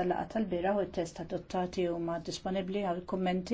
tal-laqa tal-bira u t-test adottati huma disponibbli għal kummenti